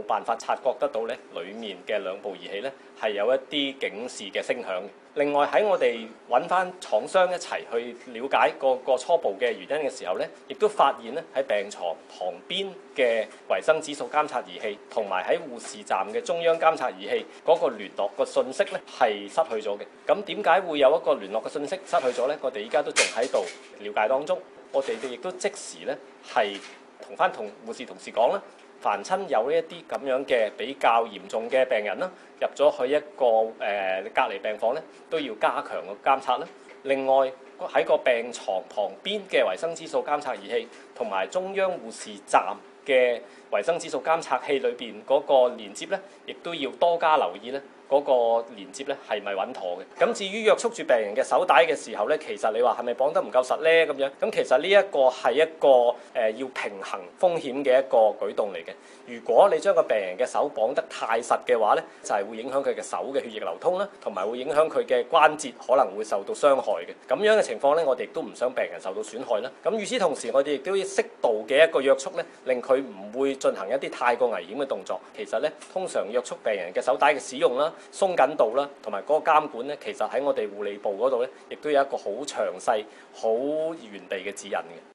冇辦法察覺得到咧，裡面嘅兩部儀器咧係有一啲警示嘅聲響。另外喺我哋揾翻廠商一齊去了解個個初步嘅原因嘅時候咧，亦都發現咧喺病床旁邊嘅衞生指數監察儀器，同埋喺護士站嘅中央監察儀器嗰個聯絡嘅信息咧係失去咗嘅。咁點解會有一個聯絡嘅信息失去咗咧？我哋依家都仲喺度了解當中，我哋亦都即時咧係。同翻同護士同事講啦，凡親有呢一啲咁樣嘅比較嚴重嘅病人啦，入咗去一個誒、呃、隔離病房咧，都要加強個監測啦。另外喺個病床旁邊嘅維生指數監測儀器，同埋中央護士站嘅維生指數監測器裏邊嗰個連接咧，亦都要多加留意咧。嗰個連接咧係咪穩妥嘅？咁至於約束住病人嘅手帶嘅時候呢，其實你話係咪綁得唔夠實呢？咁樣？咁其實呢一個係一個誒要平衡風險嘅一個舉動嚟嘅。如果你將個病人嘅手綁得太實嘅話呢，就係會影響佢嘅手嘅血液流通啦，同埋會影響佢嘅關節可能會受到傷害嘅。咁樣嘅情況呢，我哋亦都唔想病人受到損害啦。咁與此同時，我哋亦都要適度嘅一個約束呢，令佢唔會進行一啲太過危險嘅動作。其實呢，通常約束病人嘅手帶嘅使用啦。鬆緊度啦，同埋嗰個監管咧，其實喺我哋護理部嗰度咧，亦都有一個好詳細好完備嘅指引嘅。